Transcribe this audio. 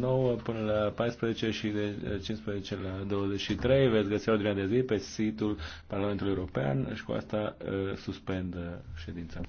9 până la 14 și de 15 la 23 veți găsi ordinea de zi pe site-ul Parlamentului European și cu asta uh, suspend ședința.